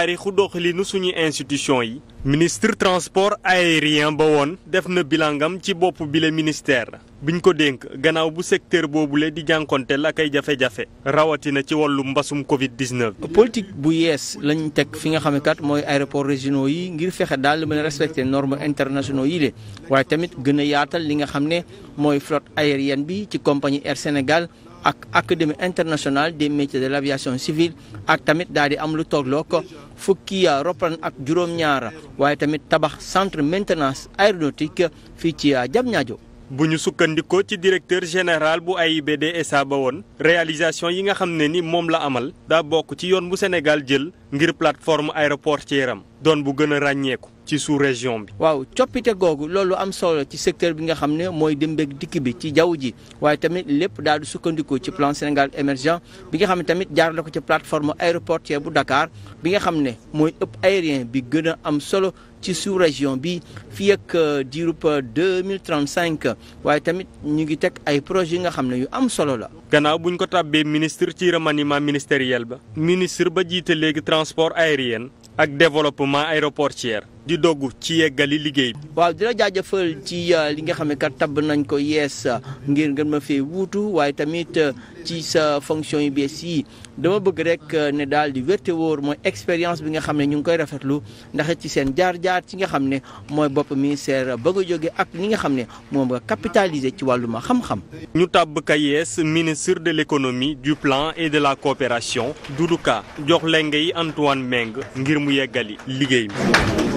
taarixu doxalinu suñu institution yi ministre transport aérien ba woon def na bilangam ci bopp bi la ministère biñ ko dénk gannaaw bu secteur boobule di jànkonteel ak ay jafe-jafe rawatina ci wàllu mbasum Covid 19. politique bu yees lañ teg fi nga xam ne kat mooy aéroport régionaux yi ngir fexe daal mën a respecter normes internationaux yi de waaye tamit gën yaatal li nga xam ne mooy flotte aérienne bi ci compagnie Air Sénégal. ak académie internationale des métiers de l' aviation ak tamit daal di am lu tollook fukki roppalan ak juróom-ñaar waaye tamit tabax centre maintenance aéronautique fii ci Diamniadio bu ñu sukkandikoo ci directeur général bu AIBD SA ba woon réalisation yi nga xam ne ni moom la amal daa bokk ci yoon bu Sénégal jël ngir plateforme aéroportière am doon bu gën a ràññeeku ci sous région bi. waaw coppite googu loolu am solo ci secteur bi nga xam ne mooy dem beeg dikk bi ci jaww ji waaye tamit lépp daal di sukkandiku ci plan Sénégal émergent bi nga xam ne tamit jaar la ko ci plateforme aéroportière bu Dakar bi nga xam ne mooy ëpp aérien bi gën a am solo ci sous région bi fii ak euh, diirub 2035 euh, waaye tamit ñu ngi teg ay projet yi nga xam ne yu am solo la. gannaaw buñ ko tàbbee ministre ci remaniement ministériel ba. ministre ba jiite léegi transport aérien. ak développement aéroportuaire di dogg ci yeggali liggéey bi. waaw di la ci euh, li nga xam ne kat tabb nañ ko yees euh, ngir ngeen ma fee wuutu waaye tamit euh, ci sa fonction yu bees yi dama bëgg rek ne daal di wérte wóor mooy expérience bi nga xam ne ñu ngi koy rafetlu ndax ci seen jaar-jaar ci nga xam ne mooy bopp ministère ba nga jóge ak li nga xam ne moom nga capitaliser ci wàllum xam-xam. ñu tàbb ka yees ministre de l'économie du plan et de la coopération Doudou Ka jox leen ngay Antoine Meng ngir mu yeggali liggéey